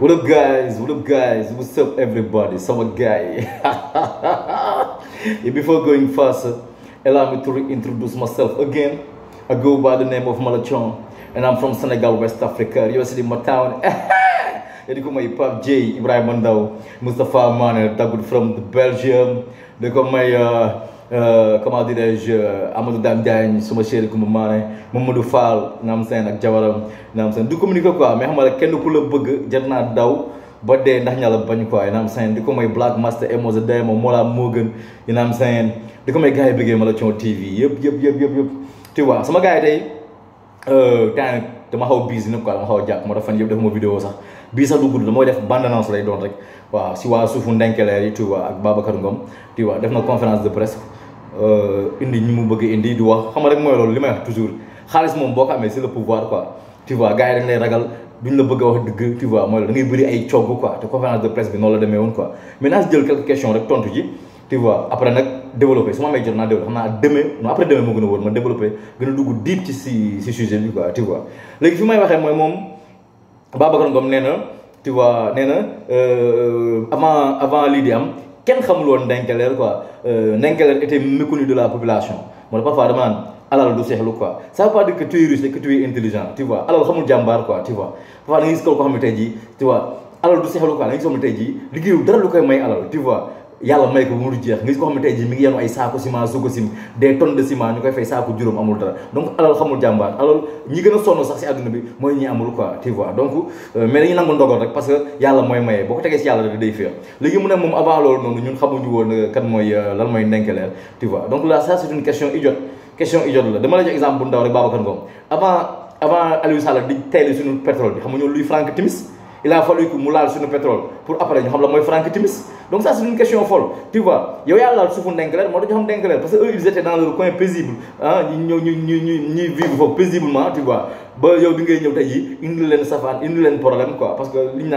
What up guys, what up guys, what's up everybody, summer guy. Before going faster, allow me to reintroduce myself again. I go by the name of Malachon and I'm from Senegal, West Africa, You see my town. Jadi ko my Pap J, Ibrahim Mandaw, Mustafa Maner, Dagoud from Belgium. Jadi ko my uh, Euh, comment dirais-je euh, Amadou Dame Diagne suma chéri Coumba ma Mamadou Fall naam seen ak jabaram naam seen du communiquer quoi mais xam nga kenn ku la bëgg jar naa daw ba dee ndax ña la bañ quoi naam seen di ko may Black Master moo Daymo Mollah Morgun naam seen di ko may gars yi bëggee Malathion TV yëpp yëpp yëpp yëpp yëpp tu sama gars yi tey euh, temps dama xaw busy nag quoi dama xaw a jàpp moo tax fan yëpp defuma vidéo sax bii sax du gudd damay def bande lay doon rek waaw si waa suufu ndenkeleer yi tu ak Babacar Ngom tu vois def na de presse Euh, indi ñu mu bëgg indi di wax xam rek mooy loolu li may wax toujours xaalis moom boo ko amee c'est le pouvoir quoi tu vois gars yi dañ lay ragal duñ la bëgg wax dëgg tu vois mooy loolu da ngay bëri ay cogg quoi te conférence de presse bi noonu la demee woon quoi mais naa si jël quelques questions rek tontu ji tu vois après nag développé su ma amee jot naa développé xam naa demee non après demee moo gën a wóor ma développé gën a dugg deep ci si si sujet bi quoi tu vois léegi fi may waxee mooy moom Babacar nee na tu nee na euh, avant avant lii kenn xamul woon Ndenkeleer quoi euh, Ndenkeleer était méconnu de la population mooy parfois dama naan alal du seexlu quoi ça veut pas dire que tu es riche et que tu es intelligent tu vois alal xamul jàmbaar quoi tu vois parfois da nga gis koo xam ne tey jii tu vois alal du seexlu quoi da nga gis koo xam ne tey jii liggéeyu dara lu koy may alal tu vois yàlla may ko mu jeex nga gis ko xam ne tey mi ngi yenu ay saako ciment suko sim des tonnes de ciment ñu koy fay saako juróom amul dara donc alal xamul jàmbaar alal ñi gën a sonn sax si àdduna bi mooy ñi amul quoi tu vois donc euh, mais dañuy nangu ndogal rek parce que yàlla mooy maye boo ko tegee si yàlla rek day féex léegi mu ne moom avant loolu noonu ñun xamuñu woon euh, kan mooy euh, lan mooy ndenkeleer tu vois donc là ça c'est une question idiote question idiote la il a fallu que mu laal suñu pétrole pour après ñu xam la mooy Frank Timis donc ça c'est une question folle tu vois yow yaa laal suufu Ndingler moo tax ñu xam Ndingler parce que eux ils dans leur coin paisible ah ñu ñu ñu ñu ñuy vivre foofu paisiblement tu vois ba yow bi ñëw tey jii indi safaan indi problème quoi parce que li ñu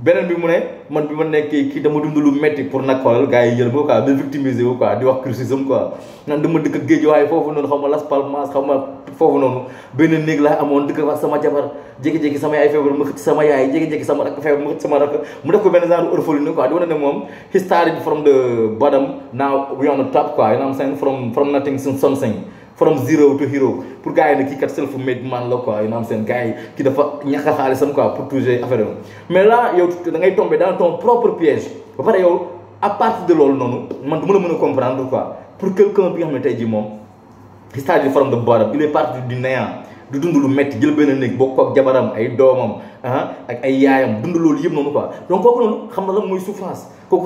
beneen bi mu ne man bi ma nekkee kii dama dund lu metti pour nag xoolal gars yi yëlma quoi ba victimiser wu quoi di wax crucisme quoi nan dama dëkk géej waaye foofu noonu xaw ma Las Palmas xaw ma foofu noonu benn néeg laa amoon dëkk wax sama jabar jékki-jékki sama yaay feebar ma xëcc sama yaay jékki-jékki sama rak feebar ma xëcc sama rak mu def ko benn genre orpheline quoi di wane ne moom history from the bottom now we on the top quoi you know what I'm saying from from nothing to something from zero to hero pour gars yi ne kat self made man la quoi you know what I'm saying gars yi kii dafa ñàkk a xaalisam quoi pour toucher affaire mais là yow da ngay tomber dans ton propre piège ba pare yow à partir de loolu noonu man du ma la mën a comprendre quoi pour quelqu'un bi nga xam ne tey jii moom he started from the bottom il est parti du néant du dund lu metti jël benn néeg bokk ak jabaram ay doomam ah ak ay yaayam dund loolu yëpp noonu quoi donc kooku noonu xam na lan mooy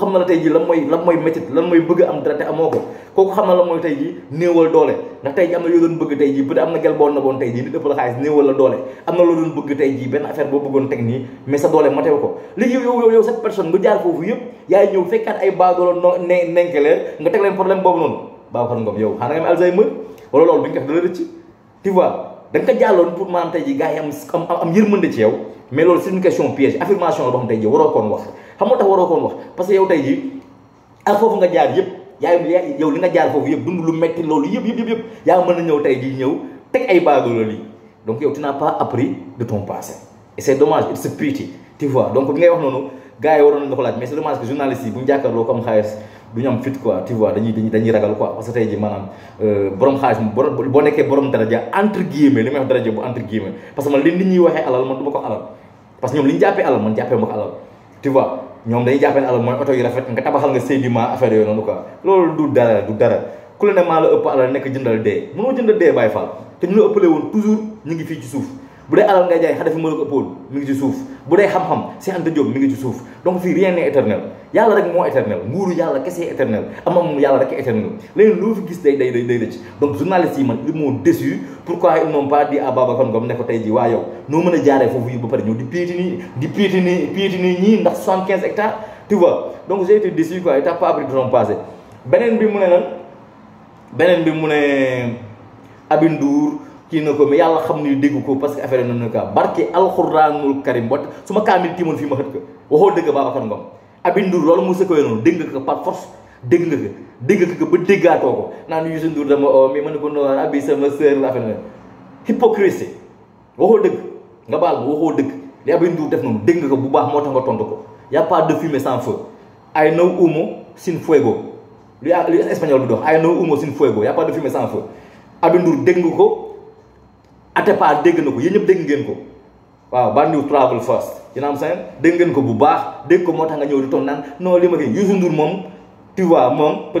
xam na la tey ji lan mooy lan mooy métit lan mooy bëgg am dara amoo ko kooku xam na la mooy tey ji néewal doole ndax tey ji am na yoo doon bëgg tey ji bu dee am na gel boon na boon tey ji nit ëpp la xaalis néewal la doole am na loo doon bëgg tey ji benn affaire boo bëggoon teg nii mais sa doole matew ko léegi yow yow yow cette personne nga jaar foofu yëpp yaay ñëw fekkaat ay baadoola no ne nenke leer nga teg leen problème boobu noonu baaw xam ngoom yow xanaa nga am nga def dala da nga ko jàlloon pour maanaam tey ji gars yi am am am yërmande ci yow mais loolu c'est une affirmation la boo xam ji waroo koon wax xam nga tax waroo koon wax parce que yow ji ak foofu nga jaar yëpp yaa yow li nga jaar foofu yëpp dund lu metti loolu yëpp yëpp yëpp yaa mën a ñëw tey ji ñëw teg ay baago loolu yi donc yow tu n'as pas appris de ton passé et c'est dommage it's a pity tu vois donc bi ngay wax noonu gaay waron waroon ko laaj mais c'est dommage que journaliste yi bu ñu comme xaliss du ñu am fit quoi tu vois dañuy dañuy dañuy ragal quoi parce que tay ji manam euh borom xaliss bo nekké nekkee borom daraja entre guillemets limay may wax daraja bu entre guillemets parce que man li nit ñi waxee alal man duma ko alal parce que ñom liñu jappé alal man jappé mako alal tu vois ñom dañuy jappé alal moy auto yu rafet nga tabaxal nga sédiment affaire yooyu nonu quoi lolu du dara du dara ku la ne maa la ëpp alal nekk jëndal dé mënoo jënd dé bay faal té ñu ëppalé won toujours ñu ngi fi ci suuf bu dee alal ngay jaay xadafi mën a ko ëppoon mi ngi ci suuf bu dee xam-xam Cheikh Anta Diop mi ngi ci suuf donc fii rien n'est éternel yàlla rek moo éternel nguuru yàlla kese éternel am am yàlla rek éternel léegi loo fi gis day day day day rëcc donc journaliste yi man ko tey ji waa yow noo mën a jaaree foofu yi ba pare ñëw di piéti nii di piéti nii piéti ndax soixante-quinze hectares tu donc j'ai été déçu quoi pas appris de ton beneen bi mu ne lan beneen bi mu ne Abindour kino ko mi yalla ya xamni deggu ko parce que affaire non ka barki alquranul karim bot suma kamil timon fi ma xet ko waxo deug babakar ngom abindu lol mu se ko yono deug ko par force deug nga deug ko ba deggato ko nan yusu ndur dama o oh, mi man ko no abi sama sœur la affaire hypocrisy waxo deug nga bal waxo deug li abindu def non deug ko bu baax motax nga tontu ko ya pas de fumée sans feu ay no umo sin fuego lu espagnol du dox ay no umo sin fuego ya pas de fumée sans feu abindu deug ko Atepa dégg na ko yéen ñëpp dégg ngeen ko waaw bandiw travel first you know what I'm dégg ngeen ko bu baax dégg ko moo tax nga ñëw di toog naan non li ma kii Youssou Ndour moom tu vois moom peut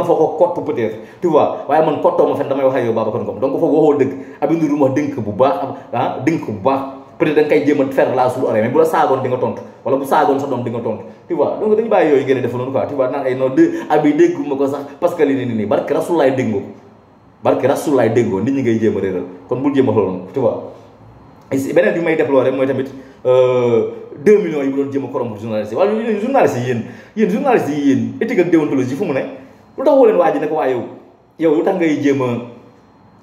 na ko kott peut être tu waaye man kottoo ma fen damay wax ak yow Babacar Ngom donc foofu waxoo dëgg Habib Ndour mu wax dënk bu baax ah dënk bu baax peut être da nga koy jéem a faire mais bu la saagoon di nga tontu wala bu saagoon sa di nga tontu tu vois donc dañu bàyyi yooyu gën a def noonu ko sax parce li ni nii barke rasulaay dégg nga rasulaay dégg nit ñi ngay jéem a kon bul jéem loolu tu vois beneen bi may lu tax woo leen waa ji ne ko yow lu tax ngay jéem a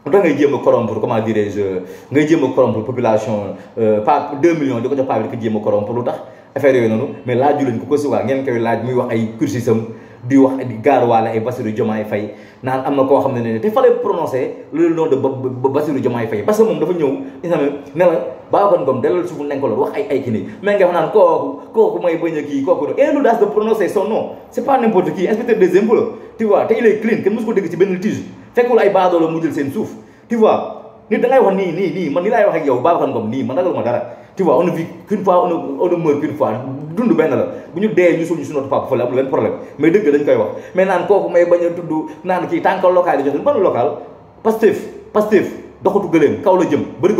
lu tax ngay jéem a comment dirais je ngay jéem a ko jox paa bi di ko jéem a lu tax affaire yooyu noonu mais laaju leen ko ko si waa ngeen koy laaj muy wax ay cursusam di wax di gaaruwaale ay Bassirou Diomaye Faye naan am na koo xam ne ne te fa lay prononcé loolu noonu de Bassirou Diomaye Faye parce que moom dafa ñëw isam ne la Babacar Ngom dellal suuf nenko wax ay ay kii nii mais nga wax naan kooku kooku a de prononcer son nom c' est pas tu vois te il clean kenn mosu ko dégg ci benn litige fekkul ay baadoolo mu jël seen suuf tu vois nit da wax nii nii nii man nii laay wax ak yow Babacar Ngom nii man ragal ma dara tu vois on ne vit qu'une fois on ne on ne meurt qu'une fois dund benn la bu ñu dee ñu suñu suñu notre papa fële amul benn problème mais dëgg dañ koy wax mais naan kooku may bañ a tudd naan kii tànkal local yi joxe ban local Pastef Pastef doxatu gëléem kaw la jëm bëri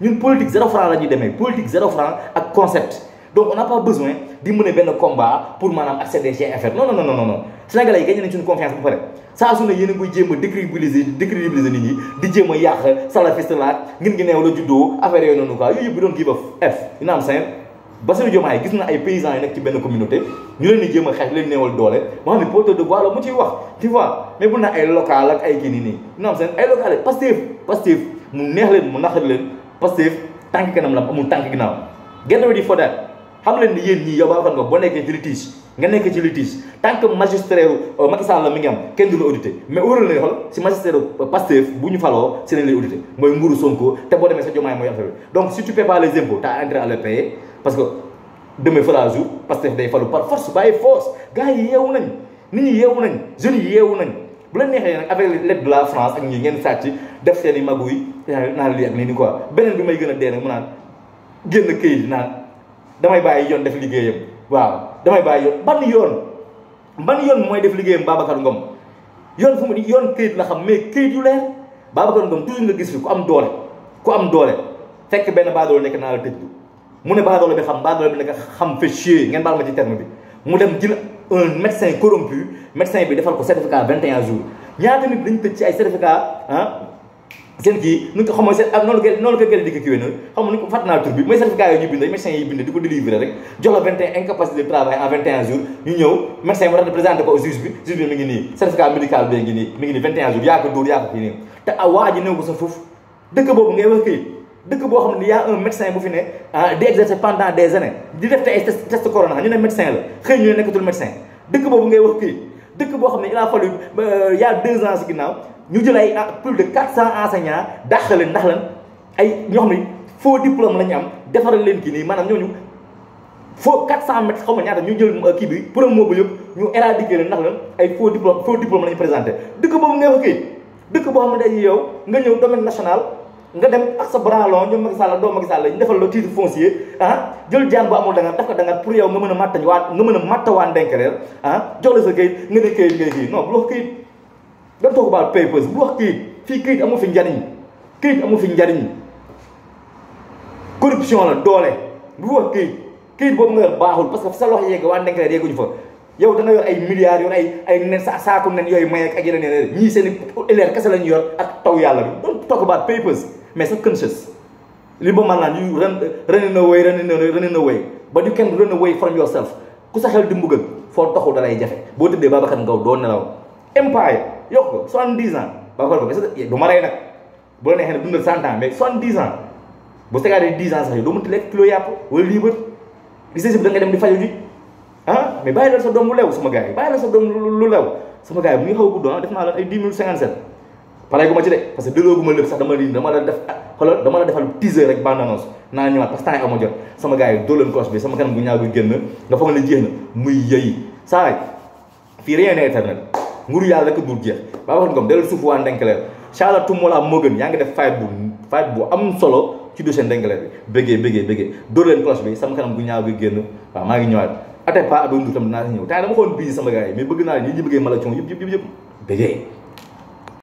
Une politique zéro franc politique zéro franc concept donc on n'a pas besoin de mener combat pour accéder GFR non non non non non Sénégalais yi confiance bu vous Ça, décrédibiliser affaire pas f paysans communauté a de voix la mu mais local Pastef tànk kanam la amul tànk ginnaaw get ready for that xam leen ni yéen ñii yow baaxoon nga boo nekkee ci litige nga nekkee ci litige tant que magistrat wu euh, Macky Sall la mi ngi am kenn du la audité mais wóoral na xool si magistrat wu euh, Pastef bu ñu faloo si lañ lay audité mooy nguuru Sonko te boo demee sa jomaay mooy affaire donc si tu paies pas les impôts t'as intérêt à les payer parce que demain fera jour Pastef day falu par force bàyyi force gars yi yeewu nañ nit ñi yeewu nañ jeunes yi nañ bu la neexee nag avec l'aide de la France ak ñi ngeen sàcc def seen i magu yi naan lii ak lii ni quoi beneen bi may gën a dee nag mu naan génn këyit naan damay bàyyi yoon def liggéeyam waaw damay bàyyi yoon ban yoon ban yoon mooy def liggéeyam Babacar ngoom yoon fu mu yoon këyit la xam mais këyit yu leer Babacar Ngom toujours nga gis si ku am doole ku am doole fekk benn baadoolo nekk naa la tëj mu ne baadoolo bi xam baadoolo bi nekk xam fa chier ngeen baal ma ci terme bi mu dem jël un médecin corrompu médecin bi defal ko certificat 21 jours ñaata nit dañ tëj ci ay certificat ah seen kii nu ko xam noonu la noonu ko gën di ko kiiwee nag xam nu ko fàttali bi mooy certificat yooyu ñu bind médecin yi bind di ko délivrer rek jox la 21 incapacité de travail en 21 jours ñu ñëw médecin bi war a présenté ko au juge bi juge bi mi ngi nii certificat médical bi ngi nii mi ngi nii 21 jours yaa ko dóor boobu ngay wax dëkk boo xam ne y a un médecin bu fi ne ah, di exercer pendant des années di def ay test test corona ñu ne médecin la xëy ñu nekkatul médecin dëkk boobu ngay wax kii boo xam ne a fallu euh, y a deux ans si ginnaaw ñu jël ay ah, plus de quatre ndax lan ay ñoo xam ne faux diplôme la ñu am defaral leen kii nii maanaam ñooñu faux quatre cent mètres xaw ma ñaata ñu jël euh, kii bi promo bu yëpp ñu éradiqué ay faux diplôme faux diplôme la ñu présenté dëkk boobu ngay wax kii dëkk boo xam ne day yow nga ñëw domaine national nga dem ak sa branlon ñoom Macky Sall doo Macky Sall ñu defal la titre foncier ah jël jaan bu amul dangar def ko dangar pour yow nga mën a mattañ waa nga mën a matta waa Ndenkeleer ah jox la sa kayit nga ne kayit ngay kii non bu wax kayit da toog baal papers bu wax kayit fii kayit amu fi njariñ kayit amu fi njariñ corruption la doole bu wax kayit kayit boobu nga baaxul parce que sa loxo yegg waa Ndenkeleer yegguñu fa yow da yor ay milliards yor ay ay nen sa saaku nen yooyu may ak yeneen yeneen ñii seen i kese la ñu yor ak taw yàlla bi doon toog baal mais some conscious li ba man naan you run running away running running away but you can run away from yourself ku sa xel di mbugal foo taxu dalay jafe boo tëddee Babacar Ngaw doo nelaw empire yokk ko soixante-dix ans Babacar Ngaw mais du ma rey nag bu neexee ne dundal cent ans mais soixante-dix ans bu tegaatee dix sax yow doo mënti lekk kilo yàpp wala liibar gisee si bi da nga dem di fajo ji ah mais bàyyi la sa doom lu lew sama gars yi la sa doom lu lew sama gars bu ah, ngi pare gu ma ci de parce que dëgg ma lépp sax dama li dama la def xoolal dama la defal teaser rek bande naa ñëwaat parce que temps yi amoo jot sama gars yi dóoleen cloche bi sama kanam gu ñaaw gi génn nga foog ne jeex na muy yëyi saa fii rien n'est éternel nguuru yàlla waa moo gën ngi def fight bu fight bu am solo ci dossier Ndingler bi bëggee bëggee maa ngi ñëwaat Atépa Abdou Ndour tam dinaa si ñëw temps dama xoon bii sama gars yi mais bëgg naa ñi ñu bëggee Malathion yëpp yëpp yëpp bëggee